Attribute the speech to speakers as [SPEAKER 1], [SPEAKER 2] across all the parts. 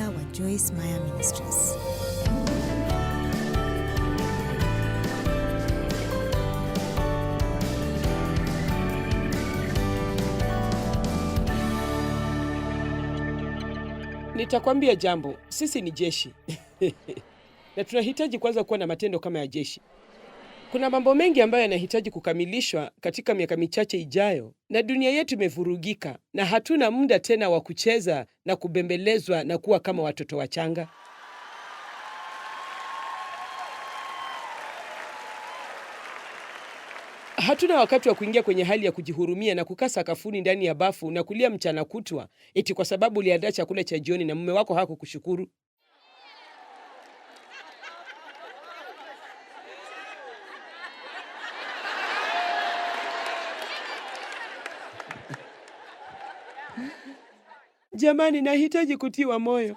[SPEAKER 1] media wa Joyce Meyer Ministries. Nitakwambia jambo, sisi ni jeshi na tunahitaji kwanza kuwa na matendo kama ya jeshi. Kuna mambo mengi ambayo yanahitaji kukamilishwa katika miaka michache ijayo, na dunia yetu imevurugika na hatuna muda tena wa kucheza na kubembelezwa na kuwa kama watoto wachanga. Hatuna wakati wa kuingia kwenye hali ya kujihurumia na kukaa sakafuni ndani ya bafu na kulia mchana kutwa eti kwa sababu uliandaa chakula cha jioni na mume wako hakukushukuru. Jamani, nahitaji kutiwa moyo.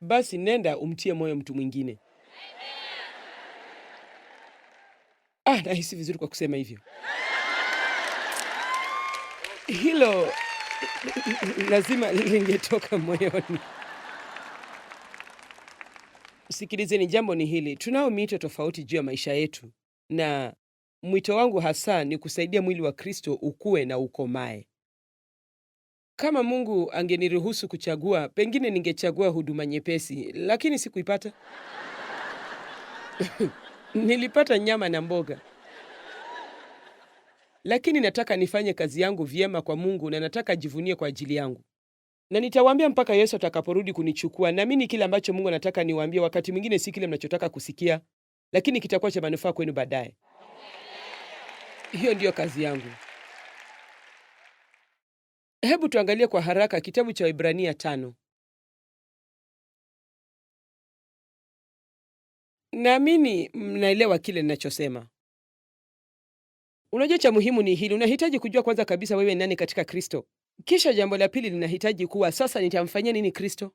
[SPEAKER 1] Basi nenda umtie moyo mtu mwingine. Ah, nahisi vizuri kwa kusema hivyo. Hilo lazima lingetoka moyoni. Sikilizeni, jambo ni hili, tunao miito tofauti juu ya maisha yetu, na mwito wangu hasa ni kusaidia mwili wa Kristo ukue na ukomae. Kama Mungu angeniruhusu kuchagua, pengine ningechagua huduma nyepesi, lakini sikuipata. Nilipata nyama na mboga. Lakini nataka nifanye kazi yangu vyema kwa Mungu na nataka ajivunie kwa ajili yangu. Na nitawaambia mpaka Yesu atakaporudi kunichukua. Naamini kile ambacho Mungu anataka niwaambie, wakati mwingine si kile mnachotaka kusikia, lakini kitakuwa cha manufaa kwenu baadaye. Hiyo ndiyo kazi yangu. Hebu tuangalie kwa haraka kitabu cha Ibrania tano. Naamini mnaelewa kile ninachosema. Unajua, cha muhimu ni hili: unahitaji kujua kwanza kabisa wewe nani katika Kristo. Kisha jambo la pili linahitaji kuwa sasa, nitamfanyia nini Kristo?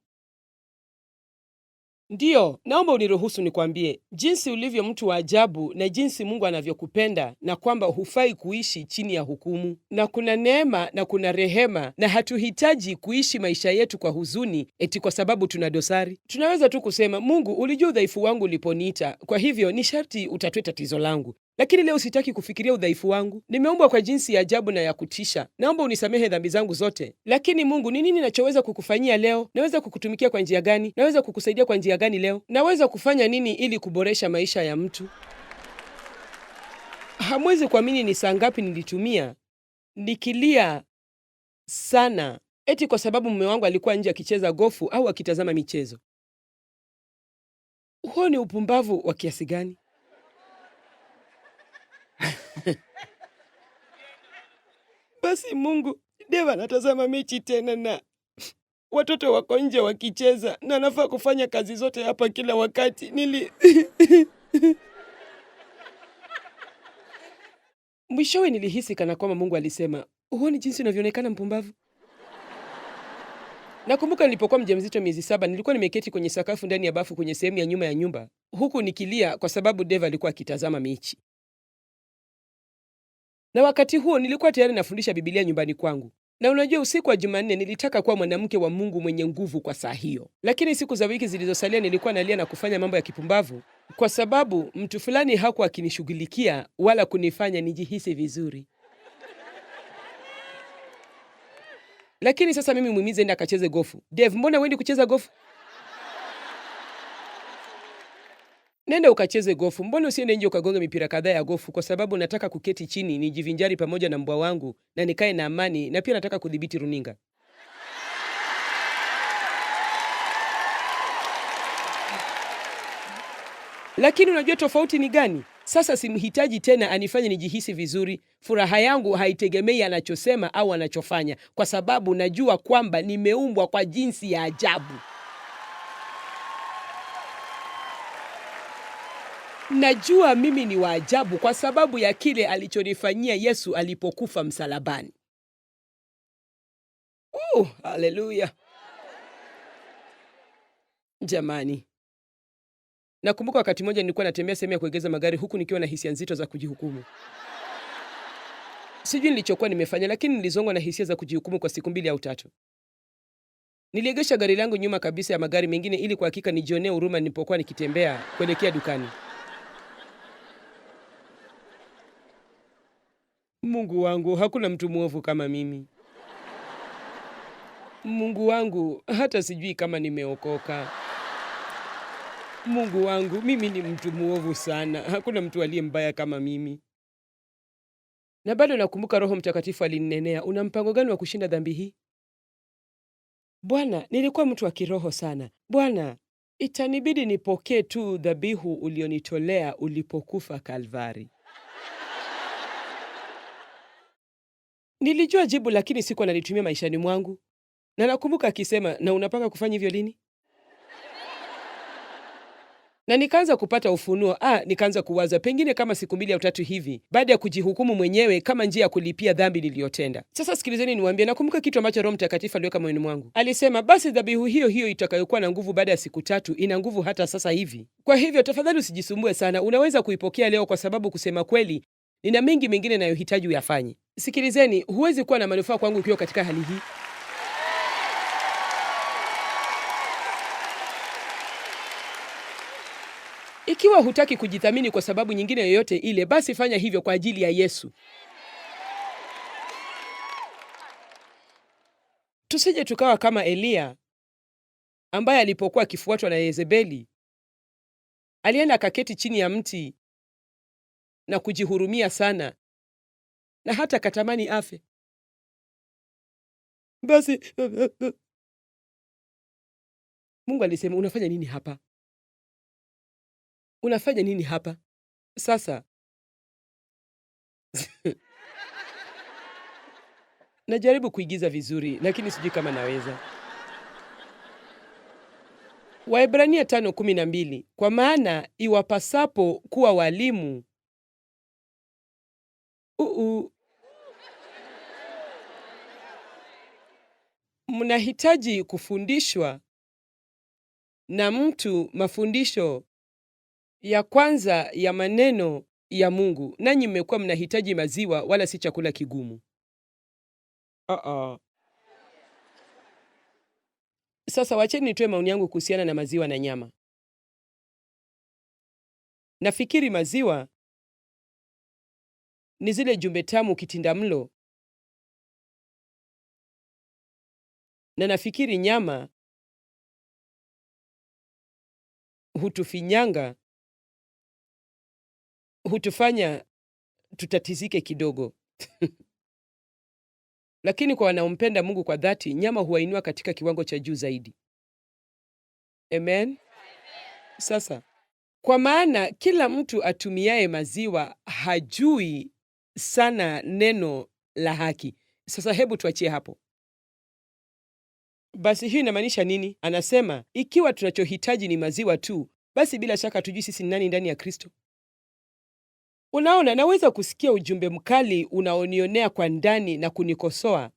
[SPEAKER 1] Ndiyo, naomba uniruhusu nikwambie jinsi ulivyo mtu wa ajabu na jinsi Mungu anavyokupenda na kwamba hufai kuishi chini ya hukumu. Na kuna neema na kuna rehema na hatuhitaji kuishi maisha yetu kwa huzuni eti kwa sababu tuna dosari. Tunaweza tu kusema, Mungu, ulijua udhaifu wangu uliponiita, kwa hivyo ni sharti utatue tatizo langu lakini leo sitaki kufikiria udhaifu wangu. Nimeumbwa kwa jinsi ya ajabu na ya kutisha. Naomba unisamehe dhambi zangu zote. Lakini Mungu, ni nini nachoweza kukufanyia leo? Naweza kukutumikia kwa njia gani? Naweza kukusaidia kwa njia gani leo? Naweza kufanya nini ili kuboresha maisha ya mtu? Hamwezi kuamini ni saa ngapi nilitumia nikilia sana, eti kwa sababu mume wangu alikuwa nje akicheza gofu au akitazama michezo. Huo ni upumbavu wa kiasi gani? Basi Mungu, Deva anatazama mechi tena na watoto wako nje wakicheza, na nafaa kufanya kazi zote hapa kila wakati. Nili mwishowe nilihisi kana kwamba Mungu alisema, huoni jinsi unavyoonekana mpumbavu? Nakumbuka nilipokuwa mjamzito miezi saba, nilikuwa nimeketi kwenye sakafu ndani ya bafu kwenye sehemu ya nyuma ya nyumba, huku nikilia kwa sababu Deva alikuwa akitazama mechi na wakati huo nilikuwa tayari nafundisha Biblia nyumbani kwangu. Na unajua, usiku wa Jumanne nilitaka kuwa mwanamke wa Mungu mwenye nguvu kwa saa hiyo, lakini siku za wiki zilizosalia nilikuwa nalia na kufanya mambo ya kipumbavu kwa sababu mtu fulani hakuwa akinishughulikia wala kunifanya nijihisi vizuri. Lakini sasa mimi mwimizi enda akacheze gofu. dev mbona uendi kucheza gofu? Nenda ukacheze gofu. Mbona usiende nje ukagonge mipira kadhaa ya gofu? Kwa sababu nataka kuketi chini nijivinjari pamoja na mbwa wangu na nikae na amani, na pia nataka kudhibiti runinga. Lakini unajua tofauti ni gani? Sasa simhitaji tena anifanye nijihisi vizuri. Furaha yangu haitegemei anachosema au anachofanya, kwa sababu najua kwamba nimeumbwa kwa jinsi ya ajabu. Najua mimi ni waajabu kwa sababu ya kile alichonifanyia Yesu alipokufa msalabani. haleluya! Jamani, nakumbuka wakati mmoja nilikuwa natembea sehemu ya kuegeza magari huku nikiwa na hisia nzito za kujihukumu. Sijui nilichokuwa nimefanya, lakini nilizongwa na hisia za kujihukumu kwa siku mbili au tatu. Niliegesha gari langu nyuma kabisa ya magari mengine ili kwa hakika nijionee huruma nilipokuwa nikitembea kuelekea dukani. Mungu wangu, hakuna mtu mwovu kama mimi. Mungu wangu, hata sijui kama nimeokoka. Mungu wangu, mimi ni mtu mwovu sana. Hakuna mtu aliye mbaya kama mimi. Na bado nakumbuka Roho Mtakatifu alininenea, una mpango gani wa kushinda dhambi hii? Bwana, nilikuwa mtu wa kiroho sana. Bwana, itanibidi nipokee tu dhabihu ulionitolea ulipokufa Kalvari. Nilijua jibu lakini siku analitumia maishani mwangu, na nakumbuka akisema, na unapanga kufanya hivyo lini? na nikaanza kupata ufunuo. Ah, nikaanza kuwaza pengine kama siku mbili au tatu hivi, baada ya kujihukumu mwenyewe kama njia ya kulipia dhambi niliyotenda. Sasa sikilizeni niwaambie, nakumbuka kitu ambacho Roho Mtakatifu aliweka moyoni mwangu. Alisema, basi dhabihu hiyo hiyo itakayokuwa na nguvu baada ya siku tatu ina nguvu hata sasa hivi. Kwa hivyo tafadhali usijisumbue sana, unaweza kuipokea leo, kwa sababu kusema kweli, nina mengi mengine nayohitaji uyafanye. Sikilizeni, huwezi kuwa na manufaa kwangu ukiwa katika hali hii. Ikiwa hutaki kujithamini kwa sababu nyingine yoyote ile, basi fanya hivyo kwa ajili ya Yesu. Tusije tukawa kama Eliya ambaye alipokuwa akifuatwa na Yezebeli alienda akaketi chini ya mti na kujihurumia sana na hata katamani afe. Basi Mungu alisema, unafanya nini hapa? Unafanya nini hapa sasa? Najaribu kuigiza vizuri, lakini sijui kama naweza. Waebrania mbili kwa maana iwapasapo kuwa walimu uu mnahitaji kufundishwa na mtu mafundisho ya kwanza ya maneno ya Mungu, nanyi mmekuwa mnahitaji maziwa wala si chakula kigumu. uh -uh. Sasa wacheni nitoe maoni yangu kuhusiana na maziwa na nyama. Nafikiri maziwa ni zile jumbe tamu kitinda mlo na nafikiri nyama hutufinyanga, hutufanya tutatizike kidogo lakini kwa wanaompenda Mungu kwa dhati, nyama huwainua katika kiwango cha juu zaidi. Amen. Sasa kwa maana kila mtu atumiaye maziwa hajui sana neno la haki. Sasa hebu tuachie hapo. Basi hiyo inamaanisha nini? Anasema ikiwa tunachohitaji ni maziwa tu, basi bila shaka tujui sisi ni nani ndani ya Kristo. Unaona, naweza kusikia ujumbe mkali unaonionea kwa ndani na kunikosoa,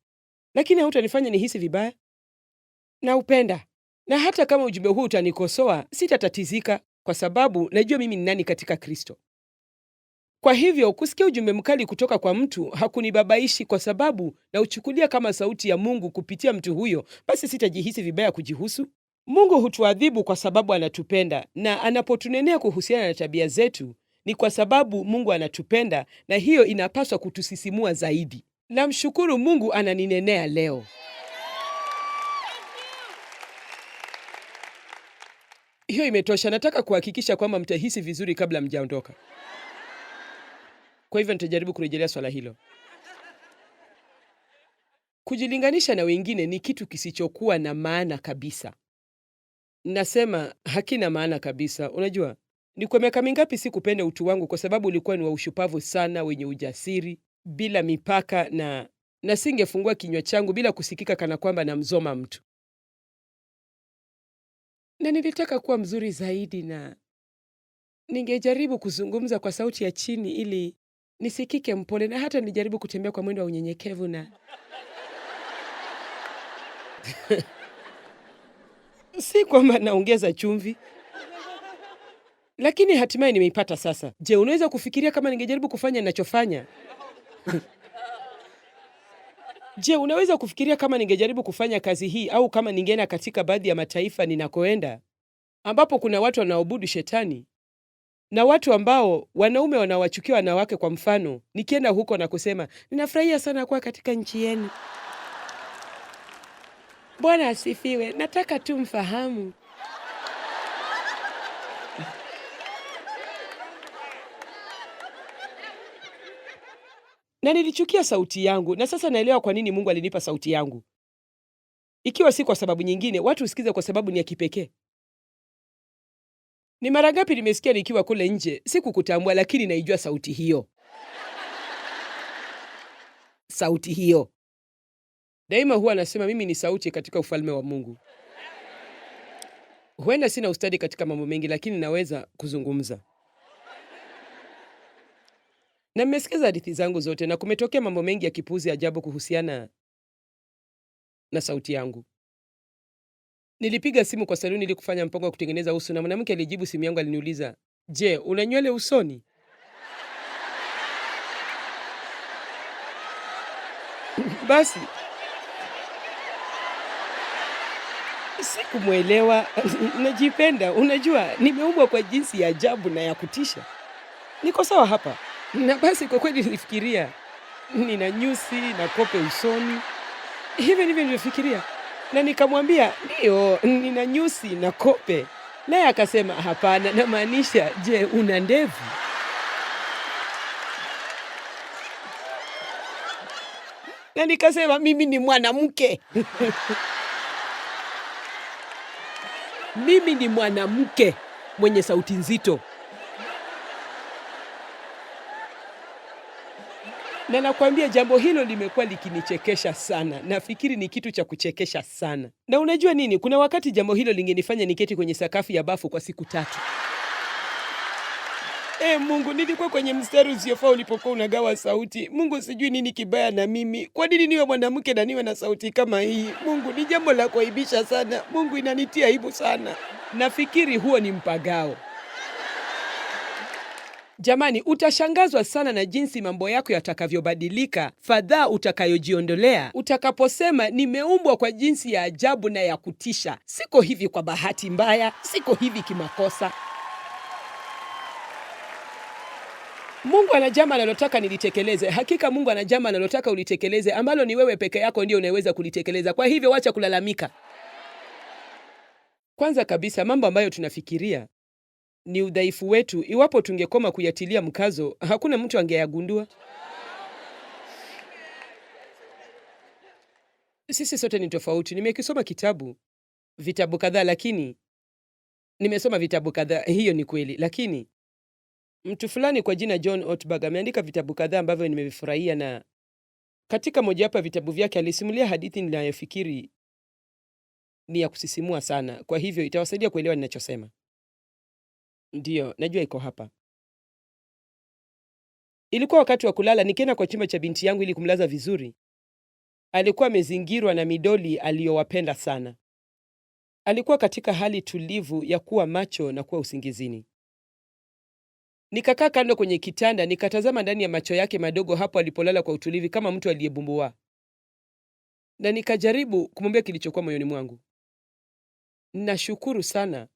[SPEAKER 1] lakini hautanifanya nihisi vibaya. Naupenda, na hata kama ujumbe huu utanikosoa, sitatatizika kwa sababu najua mimi ni nani katika Kristo. Kwa hivyo kusikia ujumbe mkali kutoka kwa mtu hakunibabaishi, kwa sababu nauchukulia kama sauti ya Mungu kupitia mtu huyo, basi sitajihisi vibaya kujihusu. Mungu hutuadhibu kwa sababu anatupenda, na anapotunenea kuhusiana na tabia zetu ni kwa sababu Mungu anatupenda, na hiyo inapaswa kutusisimua zaidi. Namshukuru Mungu ananinenea leo. Hiyo imetosha. Nataka kuhakikisha kwamba mtahisi vizuri kabla mjaondoka. Kwa hivyo nitajaribu kurejelea swala hilo. Kujilinganisha na wengine ni kitu kisichokuwa na maana kabisa. Nasema hakina maana kabisa. Unajua, ni kwa miaka mingapi si kupenda utu wangu kwa sababu ulikuwa ni wa ushupavu sana, wenye ujasiri bila mipaka, na na singefungua kinywa changu bila kusikika kana kwamba namzoma mtu, na nilitaka kuwa mzuri zaidi, na ningejaribu kuzungumza kwa sauti ya chini ili nisikike mpole na hata nijaribu kutembea kwa mwendo wa unyenyekevu na si kwamba naongeza chumvi, lakini hatimaye nimeipata sasa. Je, unaweza kufikiria kama ningejaribu kufanya ninachofanya? Je, unaweza kufikiria kama ningejaribu kufanya kazi hii au kama ningeenda katika baadhi ya mataifa ninakoenda ambapo kuna watu wanaobudu shetani na watu ambao wanaume wanawachukia wanawake. Kwa mfano, nikienda huko na kusema ninafurahia sana kuwa katika nchi yenu, Bwana asifiwe, nataka tu mfahamu na nilichukia sauti yangu, na sasa naelewa kwa nini Mungu alinipa sauti yangu, ikiwa si kwa sababu nyingine. Watu usikize kwa sababu ni ya kipekee. Ni mara ngapi nimesikia nikiwa kule nje, sikukutambua lakini naijua sauti hiyo. Sauti hiyo daima huwa anasema mimi ni sauti katika ufalme wa Mungu. Huenda sina ustadi katika mambo mengi, lakini naweza kuzungumza na mmesikiza hadithi zangu zote, na kumetokea mambo mengi ya kipuzi ajabu kuhusiana na sauti yangu. Nilipiga simu kwa saluni ili kufanya mpango wa kutengeneza uso, na mwanamke alijibu simu yangu, aliniuliza, je, una nywele usoni? Basi sikumwelewa. Najipenda, unajua nimeumbwa kwa jinsi ya ajabu na ya kutisha. Niko sawa hapa. Na basi kwa kweli nilifikiria nina nyusi na kope usoni, hivyo ndivyo nilivyofikiria na nikamwambia ndiyo, nina nyusi na kope. Naye akasema hapana, namaanisha, je, una ndevu? na nikasema mimi ni mwanamke mimi ni mwanamke mwenye sauti nzito. na nakwambia jambo hilo limekuwa likinichekesha sana. Nafikiri ni kitu cha kuchekesha sana, na unajua nini, kuna wakati jambo hilo lingenifanya niketi kwenye sakafu ya bafu kwa siku tatu. E, Mungu, nilikuwa kwenye mstari usiofaa ulipokuwa unagawa sauti. Mungu, sijui nini kibaya na mimi. Kwa nini niwe mwanamke na niwe na sauti kama hii? Mungu, ni jambo la kuaibisha sana. Mungu, inanitia aibu sana. Nafikiri huo ni mpagao. Jamani, utashangazwa sana na jinsi mambo yako yatakavyobadilika, fadhaa utakayojiondolea utakaposema nimeumbwa kwa jinsi ya ajabu na ya kutisha. Siko hivi kwa bahati mbaya, siko hivi kimakosa. Mungu ana jambo analotaka nilitekeleze. Hakika Mungu ana jambo analotaka ulitekeleze, ambalo ni wewe peke yako ndio unaweza kulitekeleza. Kwa hivyo wacha kulalamika. Kwanza kabisa, mambo ambayo tunafikiria ni udhaifu wetu. Iwapo tungekoma kuyatilia mkazo, hakuna mtu angeyagundua. Sisi sote ni tofauti. Nimekisoma kitabu vitabu kadhaa, lakini nimesoma vitabu kadhaa, hiyo ni kweli, lakini mtu fulani kwa jina John Ortberg ameandika vitabu kadhaa ambavyo nimevifurahia, na katika mojawapo ya vitabu vyake alisimulia hadithi ninayofikiri ni ya kusisimua sana, kwa hivyo itawasaidia kuelewa ninachosema. Ndiyo, najua iko hapa. Ilikuwa wakati wa kulala, nikienda kwa chumba cha binti yangu ili kumlaza vizuri. Alikuwa amezingirwa na midoli aliyowapenda sana. Alikuwa katika hali tulivu ya kuwa macho na kuwa usingizini. Nikakaa kando kwenye kitanda, nikatazama ndani ya macho yake madogo hapo alipolala kwa utulivu kama mtu aliyebumbua, na nikajaribu kumwambia kilichokuwa moyoni mwangu. Nashukuru sana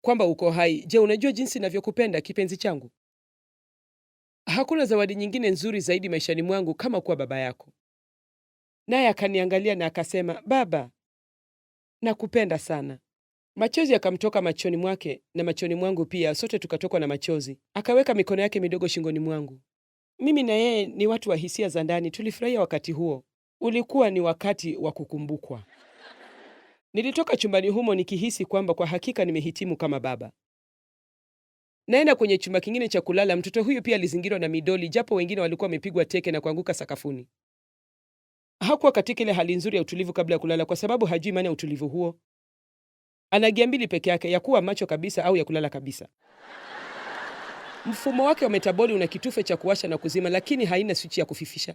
[SPEAKER 1] kwamba uko hai. Je, unajua jinsi ninavyokupenda kipenzi changu? Hakuna zawadi nyingine nzuri zaidi maishani mwangu kama kuwa baba yako. Naye akaniangalia na akasema, baba, nakupenda sana. Machozi yakamtoka machoni mwake na machoni mwangu pia, sote tukatokwa na machozi. Akaweka mikono yake midogo shingoni mwangu. Mimi na yeye ni watu wa hisia za ndani, tulifurahia wakati huo. Ulikuwa ni wakati wa kukumbukwa. Nilitoka chumbani humo nikihisi kwamba kwa hakika nimehitimu kama baba. Naenda kwenye chumba kingine cha kulala. Mtoto huyu pia alizingirwa na midoli, japo wengine walikuwa wamepigwa teke na kuanguka sakafuni. Hakuwa katika ile hali nzuri ya utulivu kabla ya kulala, kwa sababu hajui maana ya utulivu huo. Ana gia mbili peke yake, ya kuwa macho kabisa au ya kulala kabisa. Mfumo wake wa metaboli una kitufe cha kuwasha na kuzima, lakini haina swichi ya kufifisha.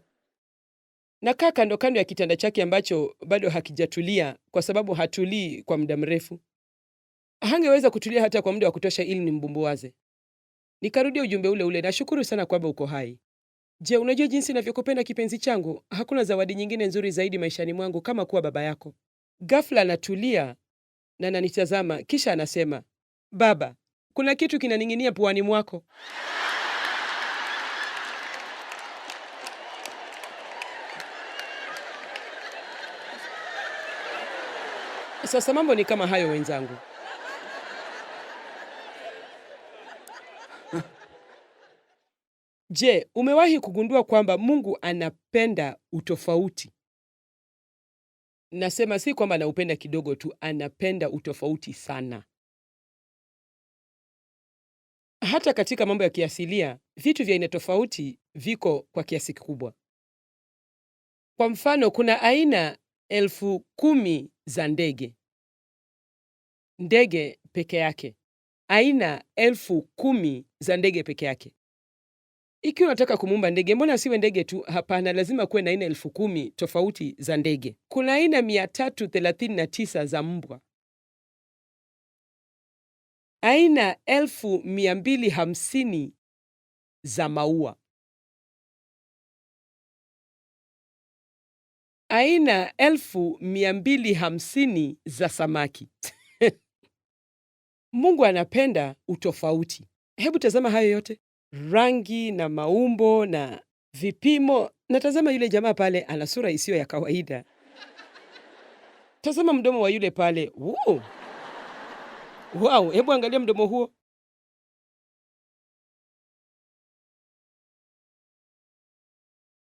[SPEAKER 1] Nakaa kando kando ya kitanda chake ambacho bado hakijatulia kwa sababu hatulii kwa muda mrefu. Hangeweza kutulia hata kwa muda wa kutosha ili nimbumbuaze. Nikarudia ujumbe ule ule, nashukuru sana kwamba uko hai. Je, unajua jinsi navyokupenda kipenzi changu? Hakuna zawadi nyingine nzuri zaidi maishani mwangu kama kuwa baba yako. Ghafla anatulia na ananitazama, kisha anasema, baba, kuna kitu kinaning'inia puani mwako. Sasa mambo ni kama hayo wenzangu. Je, umewahi kugundua kwamba Mungu anapenda utofauti? Nasema si kwamba anaupenda kidogo tu, anapenda utofauti sana. Hata katika mambo ya kiasilia vitu vya aina tofauti viko kwa kiasi kikubwa. Kwa mfano, kuna aina elfu kumi za ndege ndege peke yake, aina elfu kumi za ndege peke yake. Ikiwa unataka kumuumba ndege, mbona asiwe ndege tu? Hapana, lazima kuwe na aina elfu kumi tofauti za ndege. Kuna aina mia tatu thelathini na tisa za mbwa, aina elfu mia mbili hamsini za maua, aina elfu mia mbili hamsini za samaki Mungu anapenda utofauti. Hebu tazama hayo yote, rangi na maumbo na vipimo, na tazama yule jamaa pale ana sura isiyo ya kawaida. Tazama mdomo wa yule pale. Wow, wow! Hebu angalia mdomo huo.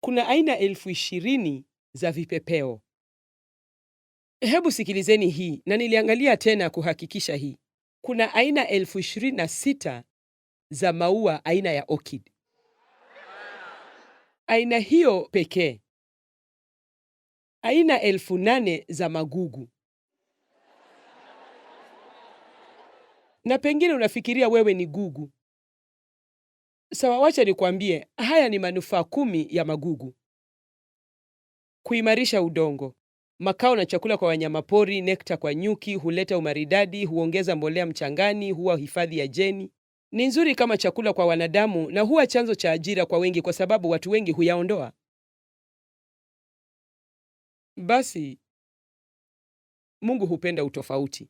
[SPEAKER 1] Kuna aina elfu ishirini za vipepeo. Hebu sikilizeni hii, na niliangalia tena kuhakikisha hii kuna aina elfu ishirini na sita za maua aina ya orchid. Aina hiyo pekee, aina elfu nane za magugu. Na pengine unafikiria wewe ni gugu. Sawa, wacha nikwambie, haya ni manufaa kumi ya magugu: kuimarisha udongo, Makao na chakula kwa wanyamapori, nekta kwa nyuki, huleta umaridadi, huongeza mbolea mchangani, huwa hifadhi ya jeni. Ni nzuri kama chakula kwa wanadamu na huwa chanzo cha ajira kwa wengi, kwa sababu watu wengi huyaondoa. Basi Mungu hupenda utofauti.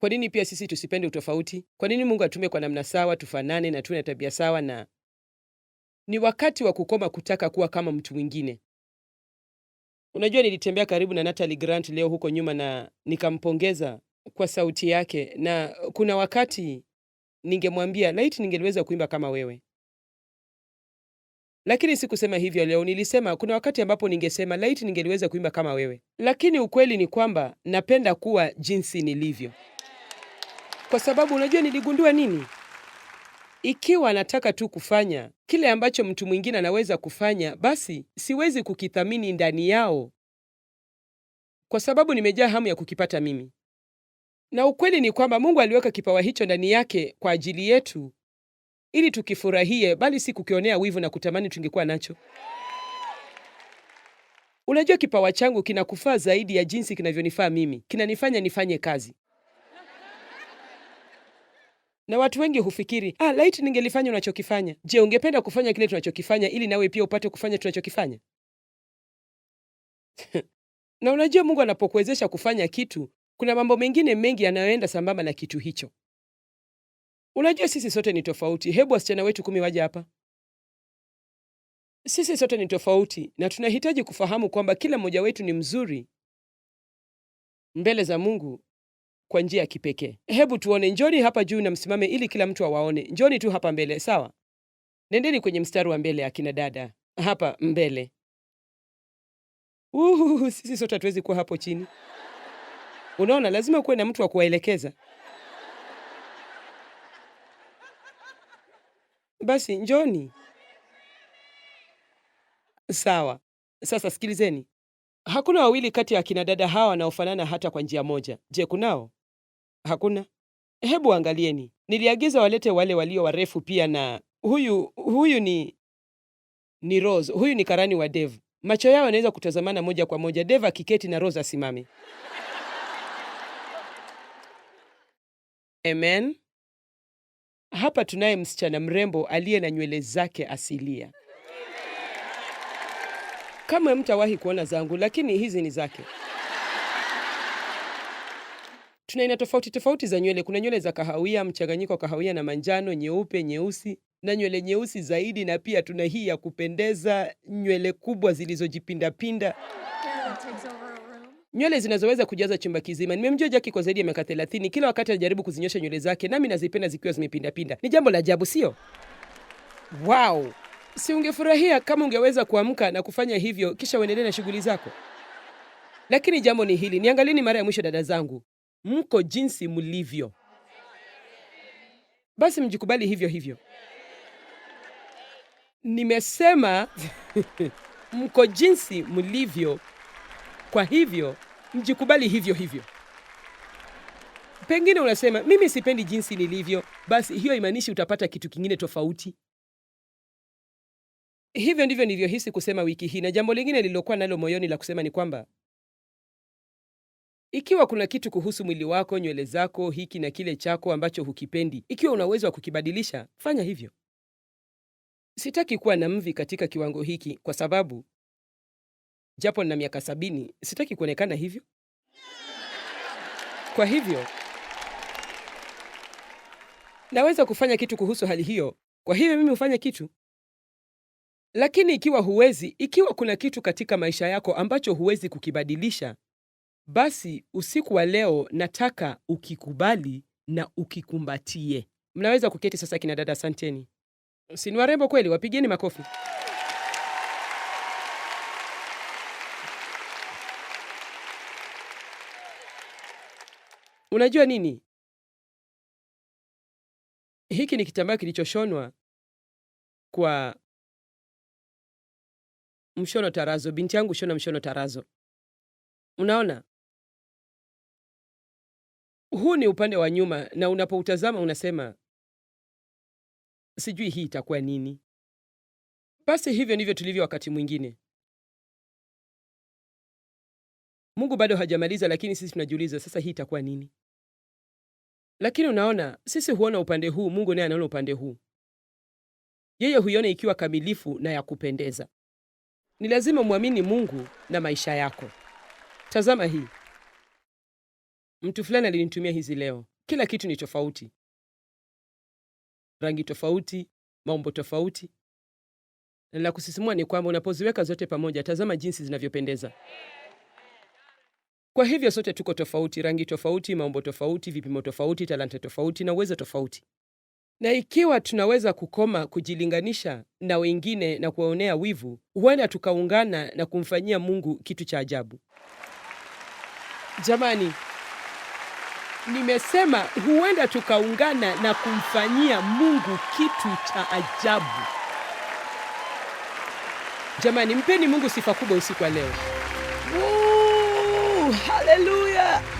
[SPEAKER 1] Kwa nini pia sisi tusipende utofauti? Kwa nini Mungu atume kwa namna sawa, tufanane na tuwe na tabia sawa? Na ni wakati wa kukoma kutaka kuwa kama mtu mwingine. Unajua, nilitembea karibu na Natalie Grant leo huko nyuma na nikampongeza kwa sauti yake, na kuna wakati ningemwambia laiti ningeliweza kuimba kama wewe, lakini sikusema hivyo leo. Nilisema kuna wakati ambapo ningesema laiti ningeliweza kuimba kama wewe, lakini ukweli ni kwamba napenda kuwa jinsi nilivyo, kwa sababu unajua niligundua nini? Ikiwa nataka tu kufanya kile ambacho mtu mwingine anaweza kufanya, basi siwezi kukithamini ndani yao, kwa sababu nimejaa hamu ya kukipata mimi. Na ukweli ni kwamba Mungu aliweka kipawa hicho ndani yake kwa ajili yetu ili tukifurahie, bali si kukionea wivu na kutamani tungekuwa nacho. Unajua, kipawa changu kinakufaa zaidi ya jinsi kinavyonifaa mimi. Kinanifanya nifanye kazi na watu wengi hufikiri ah, laiti ningelifanya unachokifanya. Je, ungependa kufanya kile tunachokifanya ili nawe pia upate kufanya tunachokifanya? na unajua, Mungu anapokuwezesha kufanya kitu, kuna mambo mengine mengi yanayoenda sambamba na kitu hicho. Unajua, sisi sote ni tofauti. Hebu wasichana wetu kumi waje hapa. Sisi sote ni tofauti na tunahitaji kufahamu kwamba kila mmoja wetu ni mzuri mbele za Mungu kwa njia ya kipekee. Hebu tuone, njoni hapa juu na msimame ili kila mtu awaone. Njoni tu hapa mbele, sawa? Nendeni kwenye mstari wa mbele, akina dada, hapa mbele. Uhu, sisi sote hatuwezi kuwa hapo chini. Unaona, lazima kuwe na mtu wa kuwaelekeza. Basi njoni, sawa. Sasa sikilizeni, hakuna wawili kati ya akina dada hawa wanaofanana hata kwa njia moja. Je, kunao? Hakuna? Hebu angalieni, niliagiza walete wale walio warefu pia, na huyu huyu ni ni Rose, huyu ni karani wa Dev. Macho yao yanaweza kutazamana moja kwa moja, Dev akiketi na Rose asimame. Amen. Hapa tunaye msichana mrembo aliye na nywele zake asilia. Kama mtawahi kuona zangu, lakini hizi ni zake. Tuna aina tofauti tofauti za nywele. Kuna nywele za kahawia, mchanganyiko wa kahawia na manjano, nyeupe, nyeusi na nywele nyeusi zaidi, na pia tuna hii ya kupendeza, nywele kubwa zilizojipindapinda nywele zinazoweza kujaza chumba kizima. Nimemjua Jackie kwa zaidi ya miaka 30, kila wakati anajaribu kuzinyosha nywele zake, nami nazipenda zikiwa zimepindapinda. Ni jambo la ajabu, sio? Wow, si ungefurahia kama ungeweza kuamka na kufanya hivyo, kisha uendelee na shughuli zako? Lakini jambo ni hili, niangalieni mara ya mwisho dada zangu, mko jinsi mlivyo, basi mjikubali hivyo hivyo. Nimesema mko jinsi mlivyo, kwa hivyo mjikubali hivyo hivyo. Pengine unasema mimi sipendi jinsi nilivyo, basi hiyo imaanishi utapata kitu kingine tofauti. Hivyo ndivyo nilivyohisi kusema wiki hii, na jambo lingine lililokuwa nalo moyoni la kusema ni kwamba ikiwa kuna kitu kuhusu mwili wako, nywele zako, hiki na kile chako ambacho hukipendi, ikiwa una uwezo wa kukibadilisha, fanya hivyo. Sitaki kuwa na mvi katika kiwango hiki, kwa sababu japo nina miaka sabini, sitaki kuonekana hivyo. Kwa hivyo naweza kufanya kitu kuhusu hali hiyo. Kwa hivyo mimi hufanya kitu. Lakini ikiwa huwezi, ikiwa kuna kitu katika maisha yako ambacho huwezi kukibadilisha, basi usiku wa leo nataka ukikubali na ukikumbatie. Mnaweza kuketi sasa, kina dada, asanteni. Si ni warembo kweli? Wapigeni makofi. Unajua nini, hiki ni kitambaa kilichoshonwa kwa mshono tarazo. Binti yangu shona mshono tarazo, unaona huu ni upande wa nyuma, na unapoutazama unasema sijui hii itakuwa nini. Basi hivyo ndivyo tulivyo wakati mwingine. Mungu bado hajamaliza, lakini sisi tunajiuliza sasa, hii itakuwa nini? Lakini unaona, sisi huona upande huu, Mungu naye anaona upande huu. Yeye huiona ikiwa kamilifu na ya kupendeza. Ni lazima mwamini Mungu na maisha yako. Tazama hii mtu fulani alinitumia hizi leo. Kila kitu ni tofauti, rangi tofauti, maumbo tofauti. la kusisimua ni kwamba unapoziweka zote pamoja, tazama jinsi zinavyopendeza. Kwa hivyo sote tuko tofauti, rangi tofauti, maumbo tofauti, vipimo tofauti, talanta tofauti na uwezo tofauti. Na ikiwa tunaweza kukoma kujilinganisha na wengine na kuwaonea wivu, huenda tukaungana na kumfanyia Mungu kitu cha ajabu. Jamani, nimesema huenda tukaungana na kumfanyia Mungu kitu cha ajabu. Jamani, mpeni Mungu sifa kubwa usiku wa leo. Haleluya!